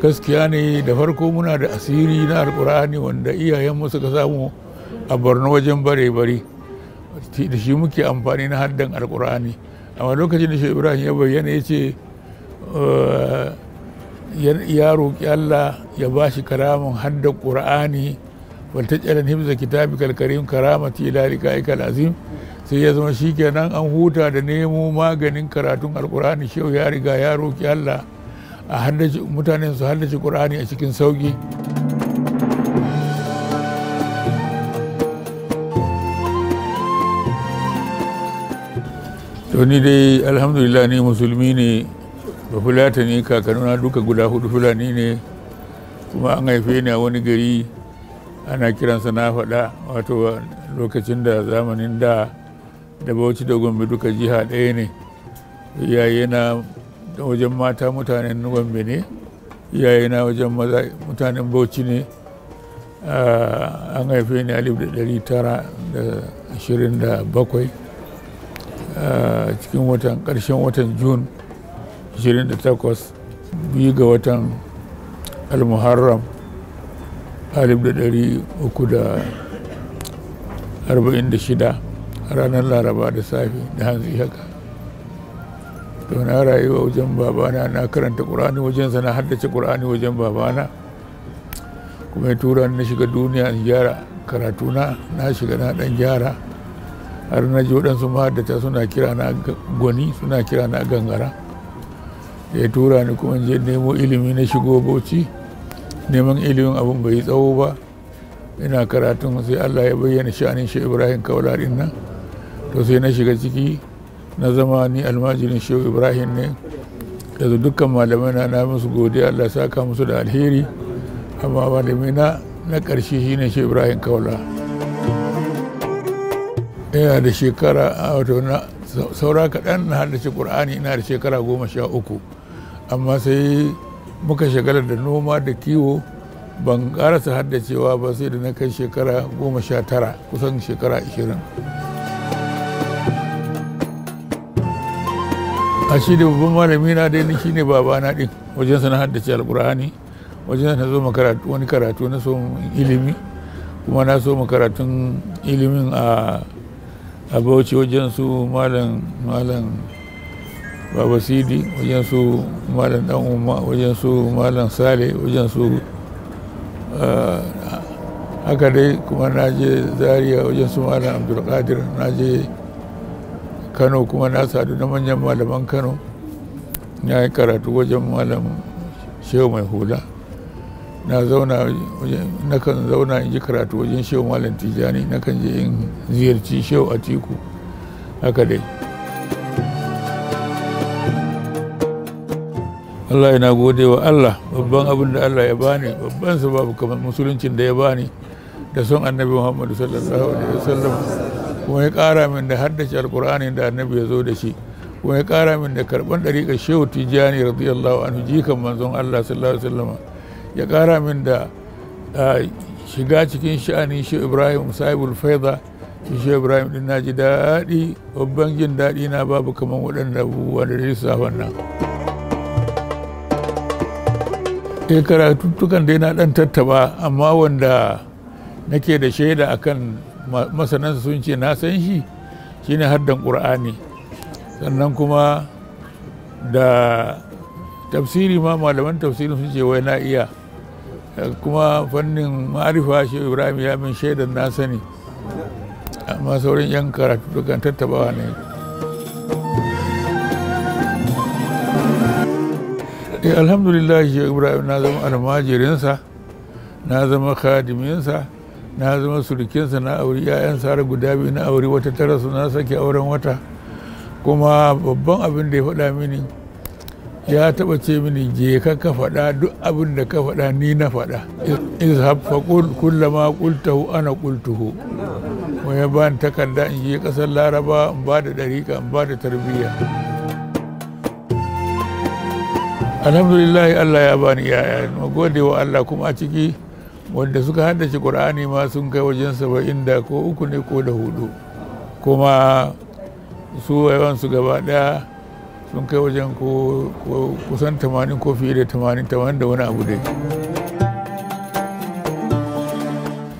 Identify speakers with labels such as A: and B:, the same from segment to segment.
A: gaskiya ne da farko muna da asiri na alkur'ani wanda iyayenmu suka samu a borno wajen bare-bare da shi muke amfani na haddan alkur'ani amma lokacin da shi ibrahim ya bayyana ya ce eh, ya roƙi allah ya ba shi karamin haddan ƙur'ani waltajalan himza kitabi kalkarim karamati ila liqa'ika lazim sai ya zama shikenan an huta da nemo maganin karatun alkur'ani shehu ya riga ya roƙi allah a haddace mutanen su haddace ƙur'ani a cikin sauƙi to dai alhamdulillah ni musulmi ne ba fulata ne kakanuna duka guda hudu fulani ne kuma an haife ni a wani gari ana kiransa na faɗa wato lokacin da zamanin da da bauchi da gombe duka jiha ɗaya ne iyaye na wajen mata mutanen gombe ne na wajen maza mutanen bauchi ne an haife ni alif da tara da ashirin da bakwai cikin watan karshen watan jun 28 biyu ga watan almuharram alif da uku da arba'in da shida ranar laraba da safe da hanzu haka to na rayuwa wajen babana na karanta ƙur'ani wajensa na haddace ƙur'ani wajen babana kuma ya tura na shiga duniya in gyara karatuna na shiga na dan gyara har na ji waɗansu mahaddata suna kira na gwani suna kira na gangara ya tura ni kuma je nemo ilimi na shigo bauchi neman ilimin abin bai tsawo ba ina karatun sai allah ya bayyana sha'anin shi ibrahim kawla din nan to sai na shiga ciki na zama ni almajirin shehu ibrahim ne yanzu dukkan malamai na na musu godiya allah saka musu da alheri amma malamai na na ƙarshe shine shehu ibrahim kaula ina da shekara a wato na saura kaɗan na haddace ƙur'ani ina da shekara goma sha uku amma sai muka shagala da noma da kiwo ban ƙarasa haddacewa ba sai da na kai shekara goma sha tara kusan shekara ashirin a shi da babban malami na dai shi ne baba na din wajen sana haddace alkur'ani wajen na zo makaratu wani karatu na so ilimi kuma na so karatun ilimin a a bauchi wajen su malam malam baba sidi wajen su malam dan umma wajen su malam sale wajen su haka dai kuma na je zaria wajen su malam abdulkadir na je kano kuma na sadu na manyan malaman kano na yi karatu wajen malam shehu mai hula na zauna na kan zauna in ji karatu wajen shehu malam tijani na kan je in ziyarci shehu a tiku haka dai Allah yana gode wa Allah babban abin da Allah ya bani babban sababu kamar musuluncin da ya bani da son annabi Muhammadu sallallahu alaihi wasallam kuma ya kara min da haddace alkur'ani da annabi ya zo da shi kuma ya kara min da karban ɗariƙa shehu tijjani radiyallahu anhu jikan manzon allah sallallahu alaihi wasallam ya kara min da shiga cikin sha'anin shehu ibrahim sahibul faida shi ibrahim din na ji daɗi babban jin daɗi na babu kamar waɗanda abubuwa da lissafin wannan. Ɗaya e, karatuttukan dai na ɗan tattaba amma wanda nake da shaida akan masanan sun ce na san shi shine haddan ƙur'ani sannan kuma da tafsiri ma malaman tafsiri sun ce wai na iya kuma fannin ma'arifa shi ibrahim ya min shaidan na sani amma sauran 'yan karatu dukkan tattabawa ne eh, alhamdulillah shi ibrahim na zama almajirinsa na zama khadiminsa na zama surukinsa na auri. Ya'yan har guda biyu na auri. wata tara su na sake auren wata kuma babban abin da ya faɗa mini ya taɓa ce mini je ka ka faɗa duk abin da ka faɗa ni na faɗa izhab fa kullama kultahu ana qultuhu mu ya ba takarda in je ƙasar laraba in ba da ɗariƙa in ba da tarbiyya alhamdulillah allah ya bani yaya gode wa allah kuma a ciki wanda suka haddace ƙur'ani ma sun kai wajen saba'in da ko uku ne ko da hudu kuma su yawansu gaba ɗaya sun kai wajen kusan tamanin ko fiye da tamanin tamanin da wani abu dai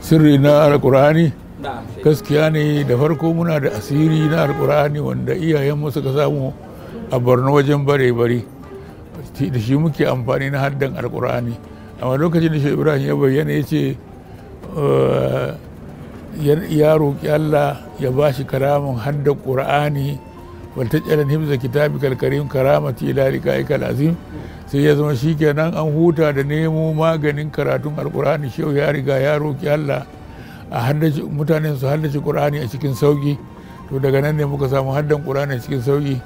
A: sirri na alƙur'ani gaskiya ne da farko muna da asiri na alƙur'ani wanda iyayenmu suka samu a borno wajen bare-bare da shi muke amfani na haddan alƙur'ani amma lokacin da shi ibrahim ya bayyana ya ce eh, ya roƙi allah ya ba shi karamin hadda ƙur'ani walta ƙyalin himza kitabi kalkarim karamati lalika ikal azim sai ya zama shi kenan an huta da nemo maganin karatun alƙur'ani shi ya riga ya roƙi allah a haddace mutane su haddace ƙur'ani a cikin sauƙi to daga nan ne muka samu haddan ƙur'ani a cikin sauƙi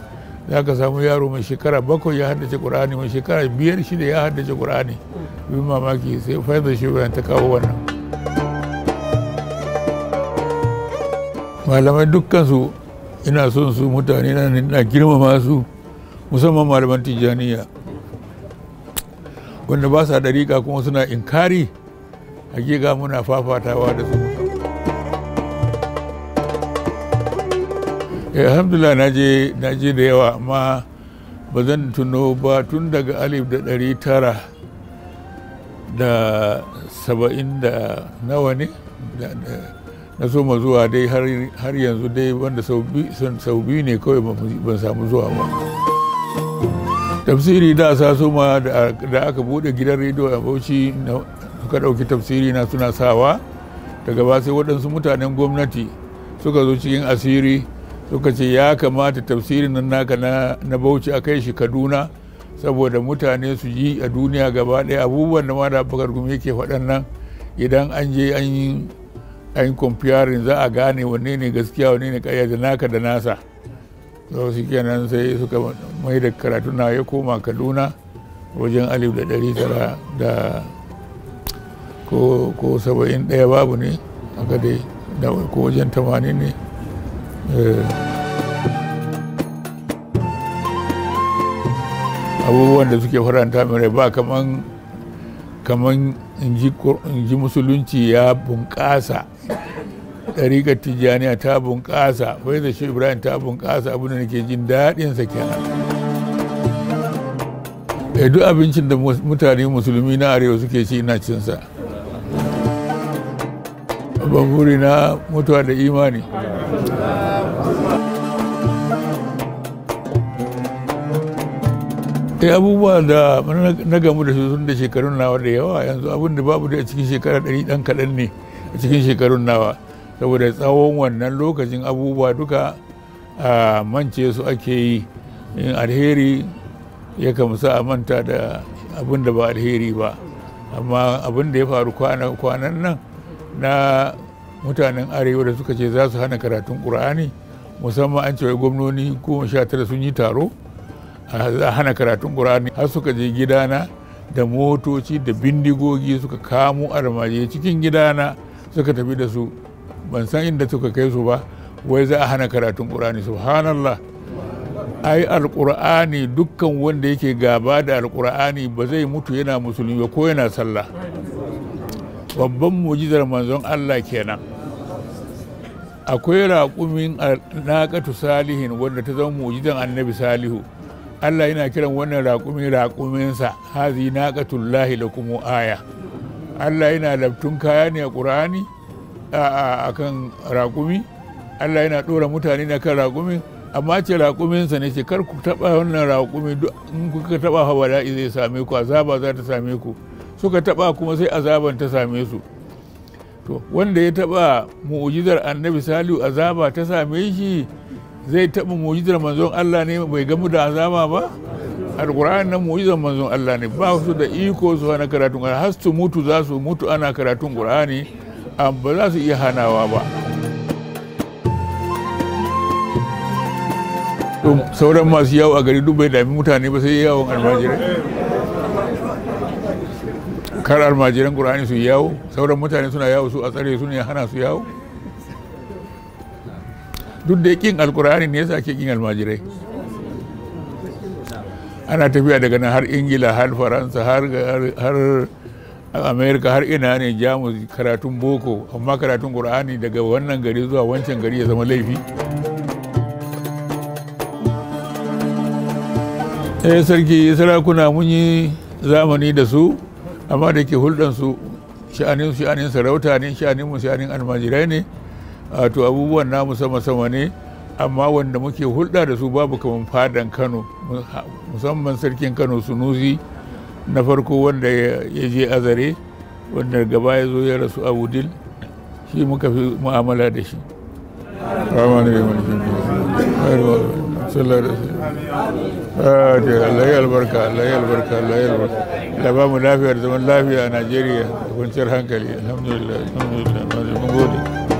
A: za ka samu yaro mai shekara bakwai ya haddace ƙur'ani mai shekara biyar shida ya haddace ƙur'ani bin mamaki sai faizar bayan ta kawo wannan malamai dukkan su ina son su mutane na girmama su musamman malaman tijjaniya wanda ba sa dariƙa kuma suna inkari hakika muna fafatawa da su Eh, alhamdulillah na je na je da yawa amma ba zan tuno ba tun daga alif da ɗari tara da saba'in da nawa ne na so zuwa dai har yanzu dai wanda sau biyu ne kawai ban samu zuwa ba tafsiri da sa so da aka bude gidan rediyo a bauchi suka ɗauki tafsiri na suna sawa daga ba sai waɗansu mutanen gwamnati suka zo cikin asiri suka ce ya kamata tafsirin nan naka na bauchi a kai shi kaduna saboda mutane su ji a duniya gaba daya abubuwan da mada bakar gumi yake faɗan nan idan an je an yi an comparing za a gane wanne ne gaskiya wanne ne ƙarya da naka da nasa to shi kenan sai suka mai da karatu na ya koma kaduna wajen alif da ɗari tara da ko saba'in ɗaya babu ne aka dai ko wajen tamanin ne Eh, abubuwan da suke faranta mai ba kaman kaman in ji musulunci ya bunƙasa ɗariƙar tijjaniya ta bunƙasa wai da shi ibrahim ta bunƙasa abin da nake jin daɗinsa kenan e duk abincin da mutane musulmi na arewa suke ci ina cinsa baburi na mutuwa da imani eh abubuwa da na gamu da su sun da shekarun nawa da yawa yanzu abin da babu da a cikin shekara ɗari ɗan kaɗan ne a cikin shekarun nawa saboda tsawon wannan lokacin abubuwa duka a mance su ake yi in alheri ya kamsa a manta da abin da ba alheri ba amma abin da ya faru kwanan nan na mutanen arewa da suka ce za su hana karatun ƙur'ani musamman an cewa gwamnoni goma sha tara sun yi taro a hana karatun ƙur'ani har suka je gidana da motoci da bindigogi suka kamo almajirai cikin gidana suka tafi da su ban san inda suka kai su ba wai za a hana karatun ƙur'ani subhanallah ai alƙur'ani dukkan wanda yake gaba da alƙur'ani ba zai mutu yana musulmi ba ko yana sallah babban mujizar manzon Allah kenan akwai raƙumin naƙatu salihin wanda ta zama mujizan annabi salihu Allah yana kiran wannan raƙumi raƙuminsa hazi da kuma aya Allah yana labtun kaya ne a ƙura'ani a kan raƙumi Allah yana ɗora mutane na kan raƙumi amma ce raƙuminsa ne ce kar ku taɓa wannan raƙumi in kuka taɓa hawa da'i zai same ku azaba za ta same ku suka taɓa kuma sai azaban ta same su to wanda ya taɓa mu'ujizar annabi salihu azaba ta same shi zai taɓa mujizar manzon Allah ne bai gamu da azama ba alƙur'an na mujizar manzon Allah ne ba su da iko su hana karatun ƙur'ani har su mutu za su mutu ana karatun ƙur'ani ba za su iya hanawa ba sauran masu yawo a gari dubai bai dami mutane ba sai yawon almajirai kar almajiran ƙur'ani su yawo sauran mutane suna yawo su a tsare su ne hana su yawo duk da kin alkur'ani ne yasa ake kin almajirai ana tafiya daga nan har ingila har faransa har amerika har ina ne jamus karatun boko amma karatun qur'ani daga wannan gari zuwa wancan gari ya zama laifi eh sarki sarakuna mun yi zamani da su amma da ke hulɗansu sha'anin sha'anin sarauta ne sha'anin mu sha'anin almajirai ne a to abubuwan namu sama-sama ne amma wanda muke hulɗa da su babu kamar fadan kano musamman sarkin kano sunusi na farko wanda ya je azare wanda gaba ya zo ya rasu a wudil shi muka fi mu'amala da shi ah, Allah albarka Allah albarka Allah albarka da ba mu lafiyar zaman lafiya a Najeriya da kwanciyar hankali alhamdulillah alhamdulillah mun gode